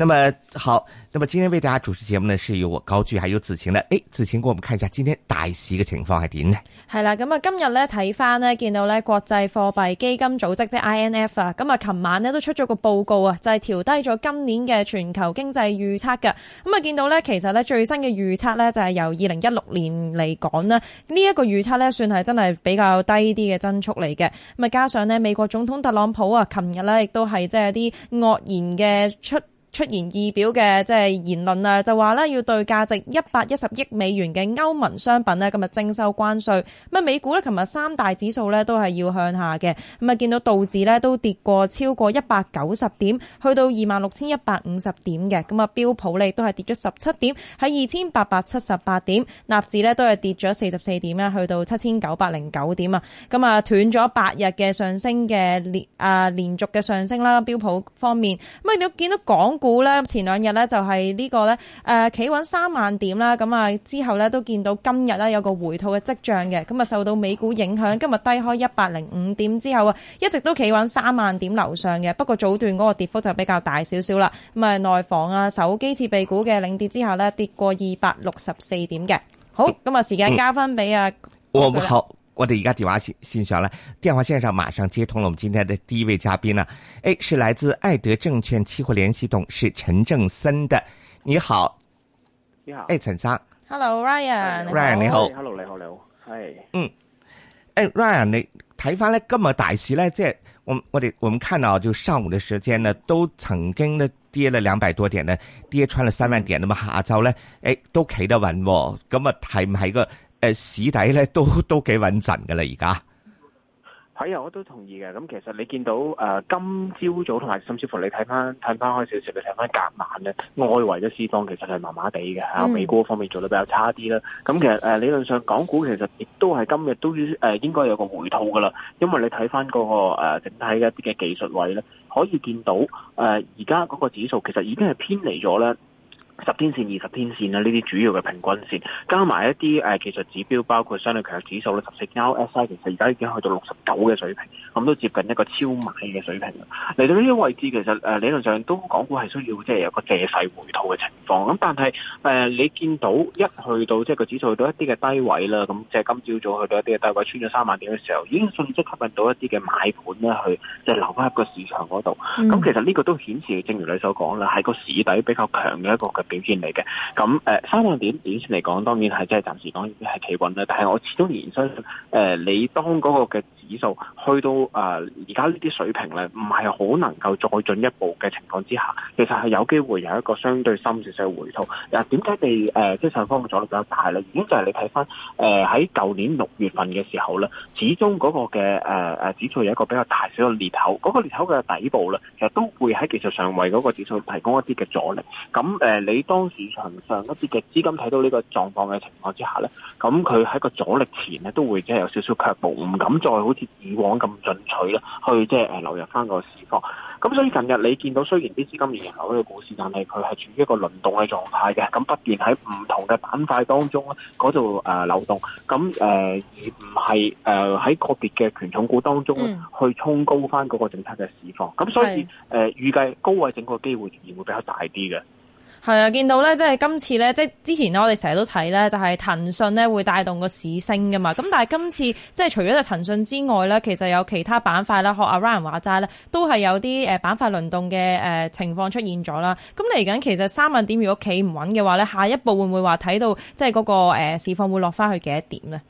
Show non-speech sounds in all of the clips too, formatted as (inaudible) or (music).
那麼好，那麼今天為大家主持節目呢，是由我高居，還有子晴呢。誒、哎，子晴，過我們看一下今天大市嘅情況係點呢？係啦，咁啊，今日咧睇翻呢，見到咧國際貨幣基金組織即係 I N F 啊，咁啊，琴晚呢，都出咗個報告啊，就係、是、調低咗今年嘅全球經濟預測嘅。咁啊，見到咧，其實咧最新嘅預測咧就係由二零一六年嚟講啦，呢、這、一個預測咧算係真係比較低啲嘅增速嚟嘅。咁啊，加上呢，美國總統特朗普啊，琴日咧亦都係即係啲惡言嘅出。出人意表嘅即係言論啊，就話咧要對價值一百一十億美元嘅歐盟商品呢，今日徵收關稅。咁啊，美股呢，琴日三大指數呢都係要向下嘅，咁啊見到道指呢都跌過超過一百九十點，去到二萬六千一百五十點嘅，咁啊標普呢都係跌咗十七點，喺二千八百七十八點，納指呢都係跌咗四十四點啦，去到七千九百零九點啊，咁啊斷咗八日嘅上升嘅連啊連續嘅上升啦，標普方面，咁啊你都見到港股咧，前兩日咧就係呢、這個咧，誒、呃、企穩三萬點啦，咁啊之後咧都見到今日咧有個回吐嘅跡象嘅，咁啊受到美股影響，今日低開一百零五點之後啊，一直都企穩三萬點樓上嘅，不過早段嗰個跌幅就比較大少少啦，咁啊內房啊手機設備股嘅領跌之下咧跌過二百六十四點嘅，好，咁啊時間交翻俾啊。嗯哥哥我的一個電話心心上了，電話線上馬上接通了。我們今天的第一位嘉賓呢、啊，哎，是來自艾德證券期貨聯席董事陳政深的。你好，你好，哎，陳生，Hello Ryan，Ryan、hey, 你好，Ryan, 你好，Hello 你好你好，是、hey.，嗯，哎，Ryan，你睇返呢？咁麼大市呢，即係我們我得我們看到就上午的時間呢，都曾經呢跌了兩百多點的，跌穿了三萬點，那麼下晝呢，哎，都企得穩、哦，咁麼係唔係個？誒，市底咧都都幾穩陣噶啦，而家係啊，我都同意嘅。咁其實你見到誒、呃，今朝早同埋，甚至乎你睇翻睇翻開少少，你睇翻隔晚咧，外圍嘅市況其實係麻麻地嘅，吓、嗯、美股方面做得比較差啲啦。咁其實誒、呃，理論上港股其實亦都係今日都誒、呃、應該有個回吐噶啦，因為你睇翻嗰個誒、呃、整體嘅嘅技術位咧，可以見到誒而家嗰個指數其實已經係偏離咗咧。十天線、二十天線呢啲主要嘅平均線，加埋一啲誒技術指標，包括相對強弱指數啦，十四週 RSI 其實而家已經去到六十九嘅水平，咁都接近一個超買嘅水平。嚟到呢啲位置，其實理論上都港股係需要即係有個借勢回吐嘅情況。咁但係你見到一去到即係個指數去到一啲嘅低位啦，咁即係今朝早去到一啲嘅低位，穿咗三萬點嘅時候，已經迅即吸引到一啲嘅買盤呢去即係流返入個市場嗰度。咁、mm. 其實呢個都顯示，正如你所講啦，係個市底比較強嘅一個嘅。表現嚟嘅咁誒，三萬點。短線嚟講，當然係即係暫時講已經係企穩啦。但係我始終延伸誒，你當嗰個嘅。指數去到誒而家呢啲水平咧，唔係好能夠再進一步嘅情況之下，其實係有機會有一個相對深少少回吐。嗱，點解你誒即係上方嘅阻力比較大咧？已經就係你睇返誒喺舊年六月份嘅時候咧，始終嗰個嘅誒誒指數有一個比較大少少裂口，嗰、嗰個裂口嘅底部咧，其實都會喺技術上為嗰個指數提供一啲嘅阻力。咁誒、呃，你當市場上，上一啲嘅資金睇到呢個狀況嘅情況之下咧，咁佢喺個阻力前咧都會即係有少少卻步，唔敢再好，以往咁進取啦，去即係誒流入翻個市況。咁所以近日你見到雖然啲資金仍然流入股市，但係佢係處於一個輪動嘅狀態嘅。咁不斷喺唔同嘅板塊當中嗰度誒流動。咁誒而唔係誒喺個別嘅權重股當中去衝高翻嗰個政策嘅市況。咁所以誒預計高位整固機會仍然會比較大啲嘅。係啊，見到咧，即係今次咧，即係之前咧，我哋成日都睇咧，就係、是、騰訊咧會帶動個市升噶嘛。咁但係今次即係除咗個騰訊之外咧，其實有其他板塊啦。學阿 Ryan 話齋咧，都係有啲誒板塊輪動嘅情況出現咗啦。咁嚟緊其實三萬點如果企唔穩嘅話咧，下一步會唔會話睇到即係嗰個市況會落翻去幾多點咧？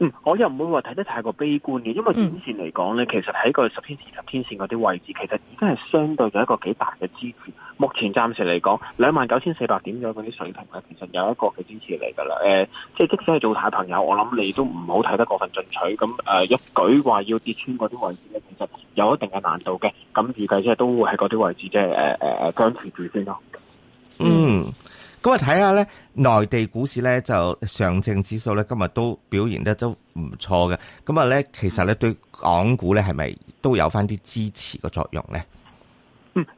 嗯，我又唔會話睇得太過悲觀嘅，因為短線嚟講咧，其實喺個十天線、十天線嗰啲位置，其實已經係相對咗一個幾大嘅支持。目前暫時嚟講，兩萬九千四百點左右嗰啲水平咧，其實有一個嘅支持嚟噶啦誒、呃，即係即使係做大朋友，我諗你都唔好睇得過分進取。咁誒、呃，一舉話要跌穿嗰啲位置咧，其實有一定嘅難度嘅。咁預計即係都會喺嗰啲位置即係誒誒誒僵持住先咯。嗯。嗯咁啊，睇下咧，內地股市咧就上證指數咧，今日都表現得都唔錯嘅。咁啊咧，其實咧對港股咧，係咪都有返啲支持嘅作用咧？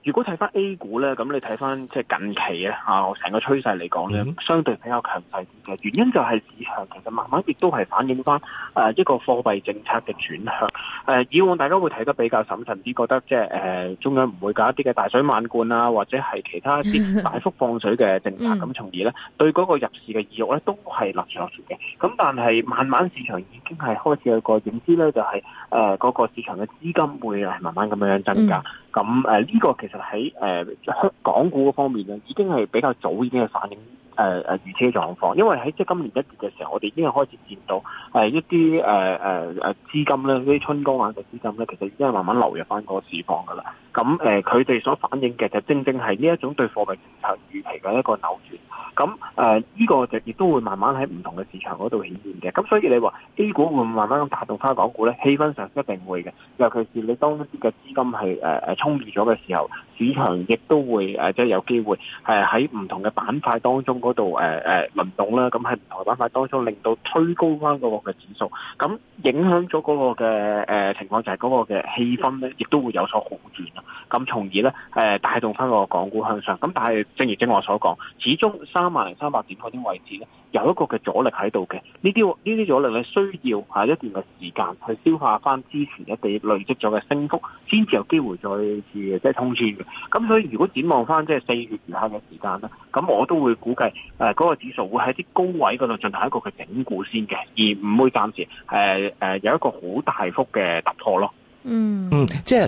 如果睇翻 A 股咧，咁你睇翻即係近期咧，我成個趨勢嚟講咧，相對比較強勢啲嘅原因就係指向其實慢慢亦都係反映翻誒一個貨幣政策嘅轉向。誒以往大家會睇得比較審慎啲，覺得即係誒中央唔會搞一啲嘅大水漫灌啊，或者係其他一啲大幅放水嘅政策，咁從而咧對嗰個入市嘅意欲咧都係立住嘅。咁但係慢慢市場已經係開始有個認知咧，就係誒嗰個市場嘅資金會係慢慢咁樣樣增加。咁誒呢個。其實喺誒香港股嗰方面咧，已經係比較早已經係反映。誒誒預期狀況，因為喺即係今年一月嘅時候，我哋已經開始見到誒一啲誒誒誒資金咧，啲春江眼嘅資金咧，其實已經慢慢流入翻個市況㗎喇。咁誒佢哋所反映嘅就是正正係呢一種對貨幣市場預期嘅一個扭轉。咁誒呢個亦都會慢慢喺唔同嘅市場嗰度顯現嘅。咁所以你話 A 股會唔會慢慢咁打動翻港股咧？氣氛上一定會嘅。尤其是你當啲嘅資金係誒誒充裕咗嘅時候，市場亦都會誒、啊、即係有機會係喺唔同嘅板塊當中度誒誒輪動啦，咁喺唔同嘅板塊當中，令到推高翻個嘅指數，咁影響咗嗰個嘅誒、呃、情況，就係嗰個嘅氣氛咧，亦都會有所好轉啦。咁從而咧誒、呃、帶動翻個港股向上。咁但係正如正我所講，始終三萬零三百點嗰啲位置咧，有一個嘅阻力喺度嘅。呢啲呢啲阻力咧，需要係一段嘅時間去消化翻之前一啲累積咗嘅升幅，先至有機會再次即係通穿嘅。咁所以如果展望翻即係四月餘下嘅時間啦，咁我都會估計。誒、呃，嗰、那個指數會喺啲高位嗰度進行一個嘅整固先嘅，而唔會暫時誒誒、呃呃、有一個好大幅嘅突破咯。嗯嗯，即係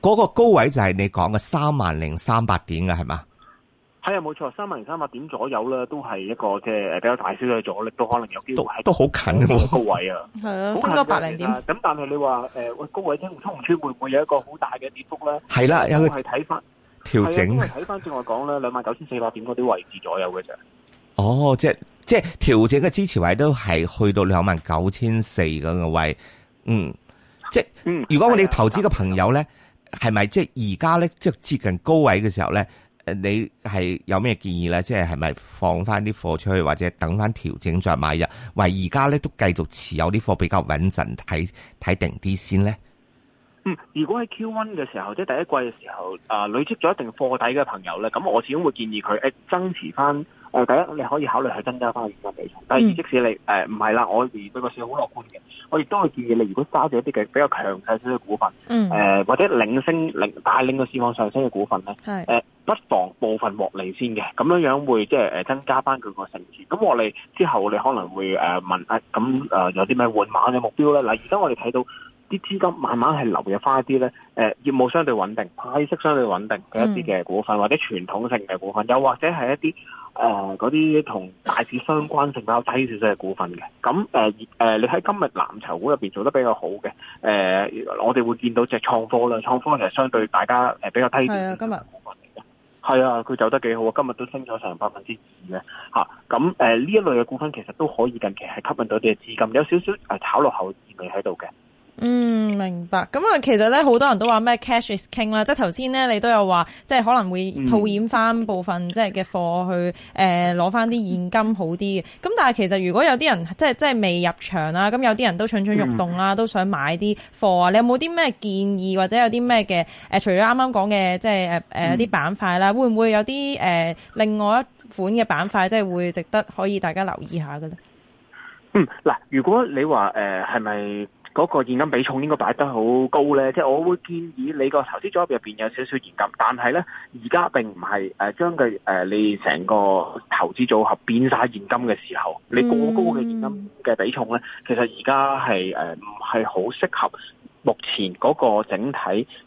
嗰、那個高位就係你講嘅三萬零三百點嘅係嘛？係啊，冇錯，三萬零三百點左右咧，都係一個嘅、呃、比較大少少嘅阻力，都可能有機會都好近嘅高位啊。係啊，差唔多百零點。咁 (laughs) 但係你話誒、呃，高位升紅通紅穿會唔會有一個好大嘅跌幅咧？係啦、啊，有係睇翻。調整，啊、因為睇翻正話講咧，兩萬九千四百點嗰啲位置左右嘅啫。哦，即係即係調整嘅支持位都係去到兩萬九千四咁嘅位。嗯，嗯即係，如果我哋投資嘅朋友咧，係咪即係而家咧，即係接近高位嘅時候咧，誒，你係有咩建議咧？即係係咪放翻啲貨出去，或者等翻調整再買入，或，而家咧都繼續持有啲貨比較穩陣，睇睇定啲先咧？嗯，如果喺 Q one 嘅時候，即係第一季嘅時候，啊、呃、累積咗一定貨底嘅朋友咧，咁我始終會建議佢誒增持翻。誒、呃，第一你可以考慮去增加翻現金比重，但係即使你誒唔係啦，我亦對個市好樂觀嘅，我亦都會建議你，如果揸住一啲嘅比較強勢啲嘅股份，誒、嗯呃、或者領升領帶領個市況上升嘅股份咧，誒、呃、不妨部分獲利先嘅，咁樣樣會即係誒增加翻佢個成績。咁獲利之後，你可能會誒問咁誒、啊嗯呃呃、有啲咩換碼嘅目標咧？嗱，而家我哋睇到。啲資金慢慢係流入返一啲咧，誒業務相對穩定、派息，息相對穩定嘅一啲嘅股份，嗯、或者傳統性嘅股份，又或者係一啲誒嗰啲同大市相關性比較低少少嘅股份嘅。咁誒誒，你喺今日藍籌股入邊做得比較好嘅，誒、呃、我哋會見到隻創科啦，創科其實相對大家誒比較低少少嘅股份嚟嘅，係啊，佢走得幾好啊，今日都升咗成百分之二嘅嚇。咁誒呢一類嘅股份其實都可以近期係吸引到啲資金，有少少誒炒落後嘅意味喺度嘅。嗯，明白。咁、嗯、啊，其實咧，好多人都話咩 cash is king 啦，即係頭先咧，你都有話，即係可能會套現翻部分、嗯、即係嘅貨去誒，攞翻啲現金好啲嘅。咁但係其實如果有啲人即係即係未入場啊，咁有啲人都蠢蠢欲動啦、嗯，都想買啲貨啊。你有冇啲咩建議或者有啲咩嘅誒？除咗啱啱講嘅，即係誒誒，啲、呃、板塊啦，會唔會有啲誒、呃、另外一款嘅板塊，即係會值得可以大家留意下嘅咧？嗯，嗱，如果你話誒係咪？呃是嗰個現金比重應該擺得好高呢。即係我會建議你個投資組合入邊有少少現金，但係呢，而家並唔係將個、呃、你成個投資組合變曬現金嘅時候，你過高嘅現金嘅比重呢，其實而家係唔係好適合目前嗰個整體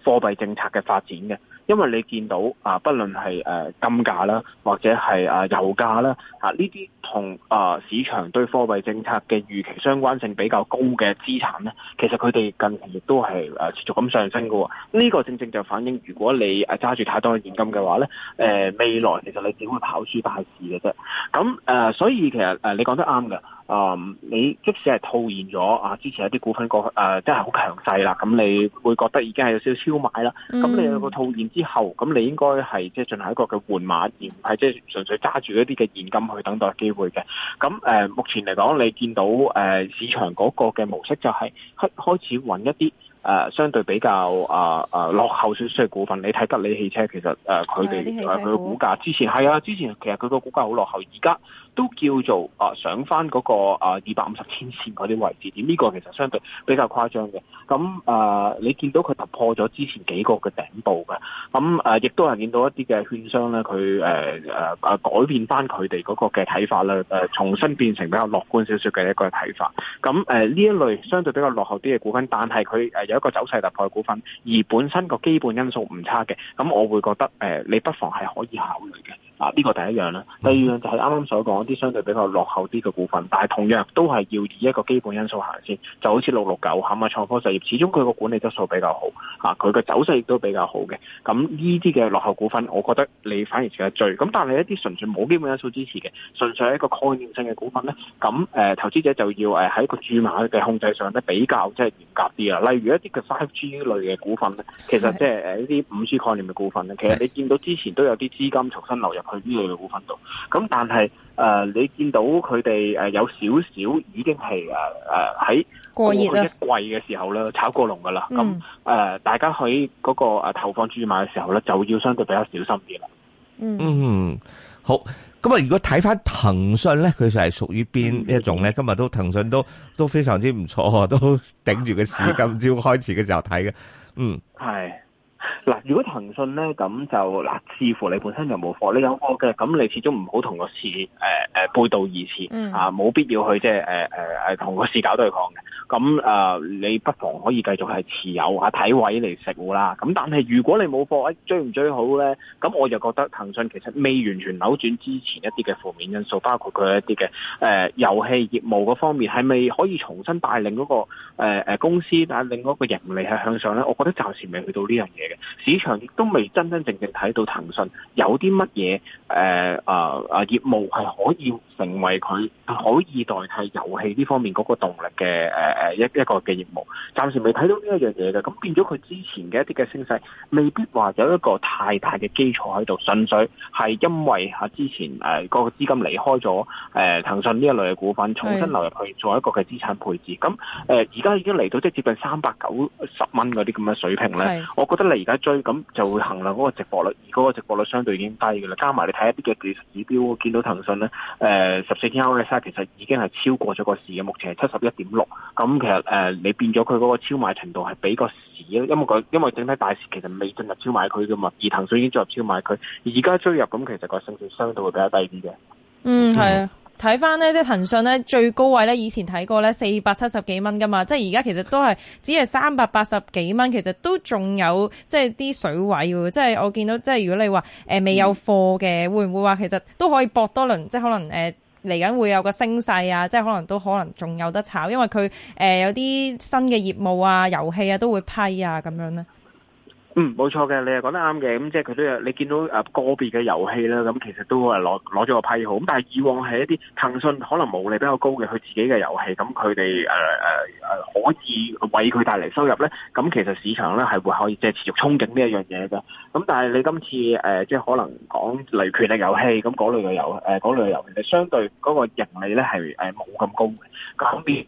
貨幣政策嘅發展嘅。因為你見到啊，不論係誒金價啦，或者係啊油價啦，啊呢啲同啊市場對貨幣政策嘅預期相關性比較高嘅資產咧，其實佢哋近期亦都係誒持續咁上升㗎喎。呢個正正就反映，如果你誒揸住太多嘅現金嘅話咧，誒未來其實你只會跑輸大市嘅啫。咁誒，所以其實誒你講得啱㗎。啊，你即使係套現咗啊，之前一啲股份過去誒，真係好強勢啦，咁你會覺得已經係有少少超買啦。咁你有個套現，之後，咁你應該係即係進行一個嘅換碼，而唔係即係純粹揸住一啲嘅現金去等待機會嘅。咁、呃、目前嚟講，你見到、呃、市場嗰個嘅模式就係、開、開始揾一啲、呃、相對比較啊啊、呃呃、落後少少嘅股份。你睇吉利汽車，其實佢哋佢個股價之前係啊，之前其實佢個股價好落後，而家，都叫做啊上翻嗰、嗰個啊二百五十天線嗰啲位置，點呢個其實相對比較誇張嘅，咁啊你見到佢突破咗之前幾個嘅頂部嘅，咁誒亦都係見到一啲嘅券商咧，佢誒、啊、改變翻佢哋嗰個嘅睇法啦、啊，重新變成比較樂觀少少嘅一個睇法，咁誒呢一類相對比較落後啲嘅股份，但係佢誒有一個走勢突破嘅股份，而本身個基本因素唔差嘅，咁我會覺得誒、啊、你不妨係可以考慮嘅。啊！呢個第一樣啦，第二樣就係啱啱所講啲相對比較落後啲嘅股份，但係同樣都係要以一個基本因素行先，就好似六六九嚇嘛創科實業，始終佢個管理質素比較好，佢嘅走勢亦都比較好嘅。咁呢啲嘅落後股份，我覺得你反而其實最咁，但係一啲純粹冇基本因素支持嘅，純粹係一個概念性嘅股份咧，咁誒投資者就要誒喺個注碼嘅控制上咧比較即係嚴格啲啊。例如一啲嘅 5G 類嘅股份咧，其實即係一啲 5G 概念嘅股份咧，其實你見到之前都有啲資金重新流入。佢呢類股份度，咁但係誒、呃，你見到佢哋誒有少少已經係誒誒喺過熱啦，一季嘅時候咧炒過龍噶啦，咁誒、嗯、大家喺嗰個誒投放注碼嘅時候咧，就要相對比較小心啲啦。嗯嗯，好。咁啊，如果睇翻騰訊咧，佢就係屬於邊一種咧？今日都騰訊都都非常之唔錯，都頂住個市。今朝開始嘅時候睇嘅，嗯，係。嗱，如果騰訊咧咁就嗱，似乎你本身就冇貨。你有貨嘅，咁你始終唔好同個市誒誒、呃、背道而馳、嗯、啊，冇必要去即係誒同個市搞對抗嘅。咁誒、呃，你不妨可以繼續係持有啊，睇位嚟食糊啦。咁但係如果你冇貨、哎，追唔追好咧？咁我就覺得騰訊其實未完全扭轉之前一啲嘅負面因素，包括佢一啲嘅誒遊戲業務嗰方面，係咪可以重新帶領嗰、嗰個誒、呃、公司啊，帶領嗰個盈利係向上咧？我覺得暫時未去到呢樣嘢嘅。市場亦都未真真正正睇到騰訊有啲乜嘢誒啊啊業務係可以。成為佢可以代替遊戲呢方面嗰個動力嘅誒誒一一個嘅業務，暫時未睇到呢一樣嘢嘅，咁變咗佢之前嘅一啲嘅升勢，未必話有一個太大嘅基礎喺度，純粹係因為之前誒個資金離開咗誒騰訊呢一類嘅股份，重新流入去做一個嘅資產配置。咁誒而家已經嚟到即係接近三百九十蚊嗰啲咁嘅水平咧，我覺得你而家追咁就會衡量嗰個值博率，而嗰個值博率相對已經低㗎啦。加埋你睇一啲嘅技術指標，見到騰訊咧誒。呃十、呃、四天 OAS 其實已經係超過咗個市嘅，目前係七十一點六。咁其實、呃、你變咗佢嗰個超買程度係比個市，因為佢因為整體大市其實未進入超買區嘅嘛，而騰訊已經進入超買區，而家追入咁其實個性質相對會比較低啲嘅。嗯，係啊。嗯睇翻咧，即係騰訊咧最高位咧，以前睇過咧四百七十幾蚊噶嘛，即係而家其實都係只係三百八十幾蚊，其實都仲有即係啲水位喎。即係我見到，即係如果你話誒、呃、未有貨嘅，嗯、會唔會話其實都可以搏多輪？即係可能誒嚟緊會有個升勢啊，即係可能都可能仲有得炒，因為佢誒、呃、有啲新嘅業務啊、遊戲啊都會批啊咁樣咧。嗯，冇錯嘅，你係講得啱嘅，咁即係佢都有你見到個別嘅遊戲啦，咁其實都係攞攞咗個批號，咁但係以往係一啲騰訊可能毛利比較高嘅佢自己嘅遊戲，咁佢哋誒可以為佢帶嚟收入咧，咁其實市場咧係會可以即係持續憧憬呢一樣嘢嘅，咁但係你今次、呃、即係可能講權力嘅遊戲，咁嗰類嘅遊誒嗰類嘅遊戲就、呃、相對嗰個盈利咧係冇咁高嘅，咁別。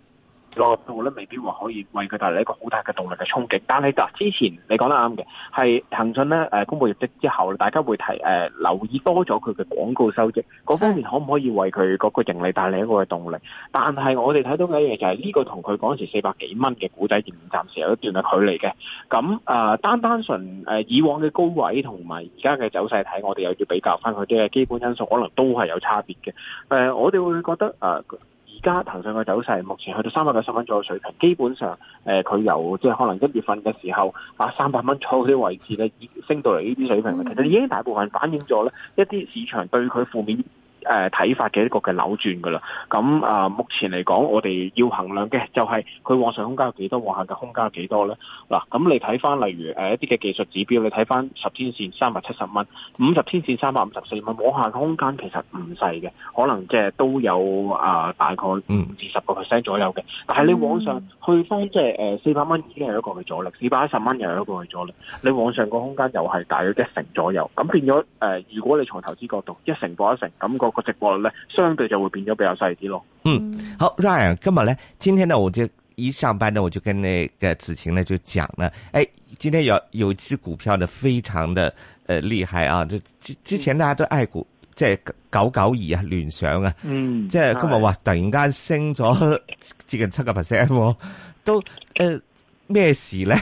內部咧未必話可以為佢帶來一個好大嘅動力嘅衝擊，但係嗱之前你講得啱嘅，係騰訊咧誒公佈業績之後，大家會提誒、呃、留意多咗佢嘅廣告收益嗰方面，可唔可以為佢嗰個盈利帶來一個嘅動力？但係我哋睇到嘅嘢就係呢個同佢嗰陣時四百幾蚊嘅股仔現暫時有一段嘅距離嘅、呃。咁啊單單純誒以往嘅高位同埋而家嘅走勢睇，我哋又要比較翻佢啲嘅基本因素，可能都係有差別嘅、呃。誒我哋會覺得啊。呃而家騰訊嘅走勢目前去到三百九十蚊左右水平，基本上，誒佢由即係可能一月份嘅時候，把三百蚊初嗰啲位置咧，已升到嚟呢啲水平，其實已經大部分反映咗咧一啲市場對佢負面。誒、呃、睇法嘅一個嘅扭轉噶啦，咁啊，目前嚟講，我哋要衡量嘅就係佢往上空間有幾多，往下嘅空間有幾多咧？嗱、啊，咁你睇翻例如誒一啲嘅技術指標，你睇翻十天線三百七十蚊，五十天線三百五十四蚊，往下嘅空間其實唔細嘅，可能即係都有啊、呃、大概五至十個 percent 左右嘅。但係你往上、嗯、去翻即係誒四百蚊已經係一個嘅阻力，四百一十蚊又係一個嘅阻力，你往上個空間又係大約一成左右。咁變咗、呃、如果你從投資角度一成過一成，咁、那個個直播率咧，相對就會變咗比較細啲咯。嗯，好 Ryan 今日咧，Ryan，今天呢，我就一上班呢，我就跟那個子晴呢就講啦，誒、哎，今天有有一支股票呢，非常的誒、呃、厲害啊，就之前大家都愛股，即係九九二啊，聯想啊，嗯，即係今日話突然間升咗接近七個 percent 喎、哦，都誒咩、呃、事咧？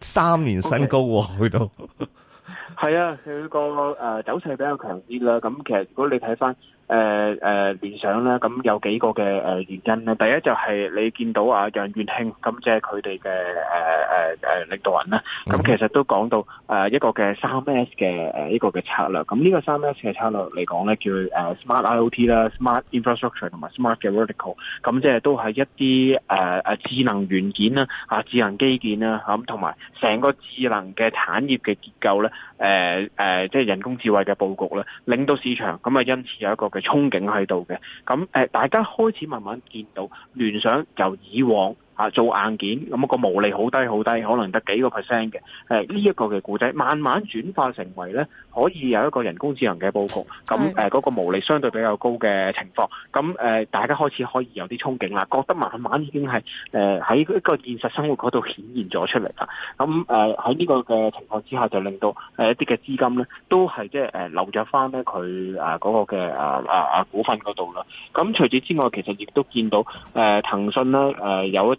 三年新高喎、哦，去、okay。到。係啊，佢個誒走勢比較強啲啦。咁其實如果你睇翻。誒誒聯想啦，咁、嗯、有幾個嘅誒原因咧？第一就係你見到啊楊元慶，咁即係佢哋嘅誒誒誒領導人啦。咁、嗯嗯、其實都講到誒一個嘅三 S 嘅誒一個嘅策略。咁、嗯、呢、這個三 S 嘅策略嚟講咧，叫誒 Smart IoT 啦、Smart Infrastructure 同埋 Smart Vertical、嗯。咁即係都係一啲誒誒智能元件啦、啊智能基建啦，咁同埋成個智能嘅產業嘅結構咧，誒、呃、誒、呃、即係人工智慧嘅佈局咧，領到市場。咁啊，因此有一個。嘅憧憬喺度嘅，咁誒大家開始慢慢見到聯想由以往。啊，做硬件咁個毛利好低好低，可能得幾個 percent 嘅，係呢一個嘅股仔，慢慢轉化成為咧，可以有一個人工智能嘅佈局，咁誒嗰個毛利相對比較高嘅情況，咁誒大家開始可以有啲憧憬啦，覺得慢慢已經係誒喺一個現實生活嗰度顯現咗出嚟啦，咁誒喺呢個嘅情況之下，就令到一啲嘅資金咧，都係即係誒流咗返咧佢啊嗰個嘅啊啊股份嗰度啦，咁除此之外，其實亦都見到誒騰訊啦。誒有一。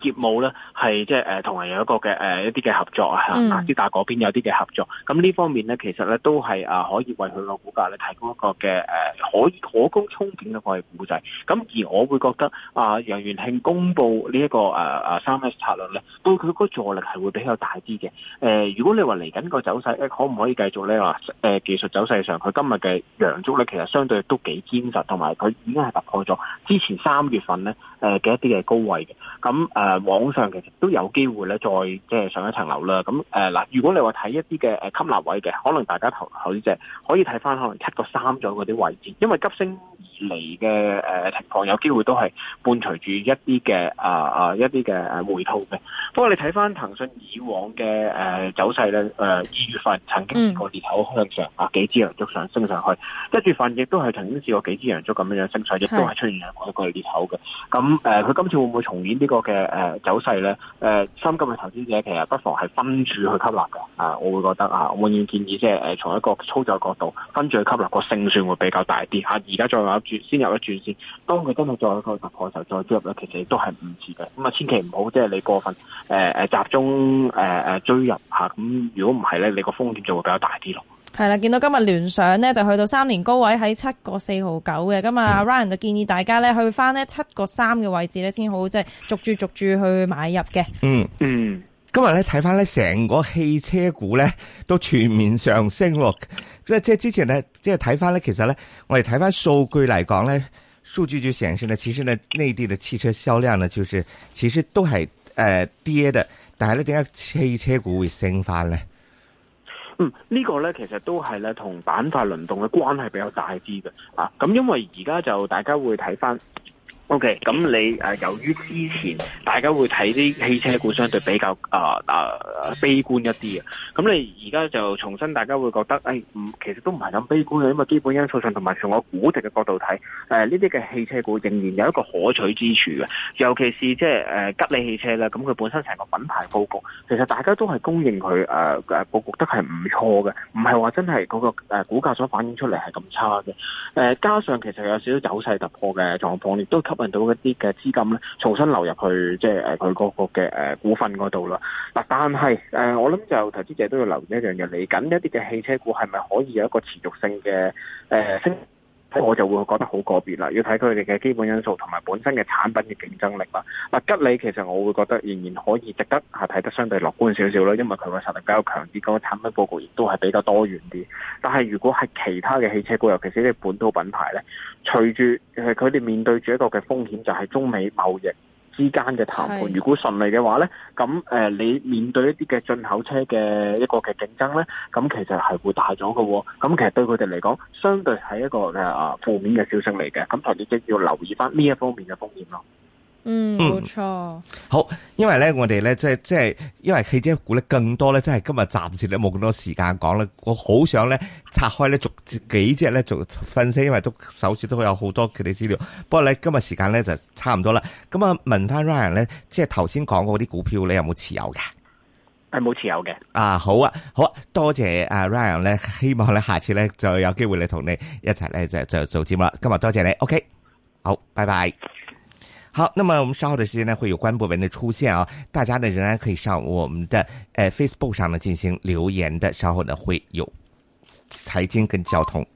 業務咧係即係同埋有一個嘅、呃、一啲嘅合作啊，亞斯達嗰邊有啲嘅合作。咁、mm. 呢方面咧，其實咧都係啊，可以為佢個股價咧提供一個嘅誒、呃、可可供憧憬嘅個股仔。咁而我會覺得啊，楊、呃、元慶公布呢、這、一個誒誒三 S 策略咧，對佢個助力係會比較大啲嘅、呃。如果你話嚟緊個走勢可唔可以繼續咧話、呃、技術走勢上，佢今日嘅陽燭咧其實相對都幾堅實，同埋佢已經係突破咗之前三月份咧嘅、呃、一啲嘅高位嘅。咁、嗯誒、啊、往上其實都有機會咧，再即係上一層樓啦。咁誒嗱，如果你話睇一啲嘅誒吸納位嘅，可能大家頭頭先隻，可以睇翻可能七個三咗嗰啲位置，因為急升而嚟嘅誒情況，有機會都係伴隨住一啲嘅誒誒一啲嘅回吐嘅。不過你睇翻騰訊以往嘅誒走勢咧，誒、呃、二月份曾經試過裂口向上，啊、嗯、幾支陽燭上升上去，一月份亦都係曾經試過幾支陽燭咁樣樣升上去，亦都係出現咗一個裂口嘅。咁、嗯、誒，佢今、呃、次會唔會重演呢個嘅？誒、呃，走勢咧，誒、呃，心急嘅投資者其實不妨係分住去吸納嘅，啊，我會覺得啊，我建議建議即係誒，從、呃、一個操作角度，分住去吸納個勝算會比較大啲。吓、啊，而家再入一轉，先入一轉先，當佢真係再入一個突破時候再注入咧，其實都係唔遲嘅。咁、嗯、啊，千祈唔好即係你過分誒誒、呃、集中誒誒、呃、追入吓。咁、啊、如果唔係咧，你個風險就會比較大啲咯。係啦，見到今日聯想咧就去到三年高位喺七個四毫九嘅。咁啊，Ryan 就建議大家咧去翻呢七個三嘅位置咧先好，即係逐住逐住去買入嘅。嗯嗯，今日咧睇翻咧成個汽車股咧都全面上升，即係即係之前呢，即係睇翻咧，其實咧我哋睇翻數據嚟講咧，數據就顯示呢，其實呢，內地嘅汽車銷量呢就是其實都係誒、呃、跌嘅，但係咧點解汽車股會升翻咧？嗯，這個、呢個咧其實都係咧同板塊輪動嘅關係比較大啲嘅，啊，咁因為而家就大家會睇翻。O.K. 咁你、呃、由於之前大家會睇啲汽車股相對比較啊啊、呃呃、悲觀一啲，咁你而家就重新大家會覺得，唔、哎、其實都唔係咁悲觀嘅，因為基本因素上同埋從我估值嘅角度睇，誒呢啲嘅汽車股仍然有一個可取之處嘅，尤其是即係誒吉利汽車啦，咁佢本身成個品牌佈局，其實大家都係公認佢誒誒佈局得係唔錯嘅，唔係話真係嗰、那個、呃、股價所反映出嚟係咁差嘅、呃，加上其實有少少走勢突破嘅狀況，亦都揾到一啲嘅資金咧，重新流入去即係誒佢嗰個嘅誒股份嗰度啦。嗱，但係誒我諗就投資者都要留意一樣嘢嚟緊，一啲嘅汽車股係咪可以有一個持續性嘅誒升？我就會覺得好個別啦，要睇佢哋嘅基本因素同埋本身嘅產品嘅競爭力啦。嗱，吉利其實我會覺得仍然可以值得睇得相對樂觀少少啦，因為佢個實力比較強啲，個產品佈局亦都係比較多元啲。但係如果係其他嘅汽車股，尤其是啲本土品牌咧，隨住佢哋面對住一個嘅風險，就係中美貿易之間嘅談判，如果順利嘅話呢，咁誒你面對一啲嘅進口車嘅一個嘅競爭呢，咁其實係會大咗嘅喎。咁其實對佢哋嚟講，相對係一個誒啊負面嘅消息嚟嘅。咁投資者要留意翻呢一方面嘅風險咯。嗯，冇錯、嗯。好，因為咧，我哋咧，即係即係，因為汽車股咧，更多咧，即係今日暫時咧冇咁多時間講咧。我好想咧拆開咧逐幾隻咧做分析，因為都手上都有好多佢哋資料。不過咧今日時間咧就差唔多啦。咁啊，問翻 Ryan 咧，即係頭先講嗰啲股票呢，你有冇持有嘅？係冇持有嘅。啊，好啊，好啊，多謝啊，Ryan 咧，希望咧下次咧就有機會你同你一齊咧就就做節目啦。今日多謝你，OK，好，拜拜。好，那麼我們稍後的時間呢，會有關博文的出現啊，大家呢仍然可以上我們的呃 Facebook 上呢進行留言的，稍後呢會有財經跟交通。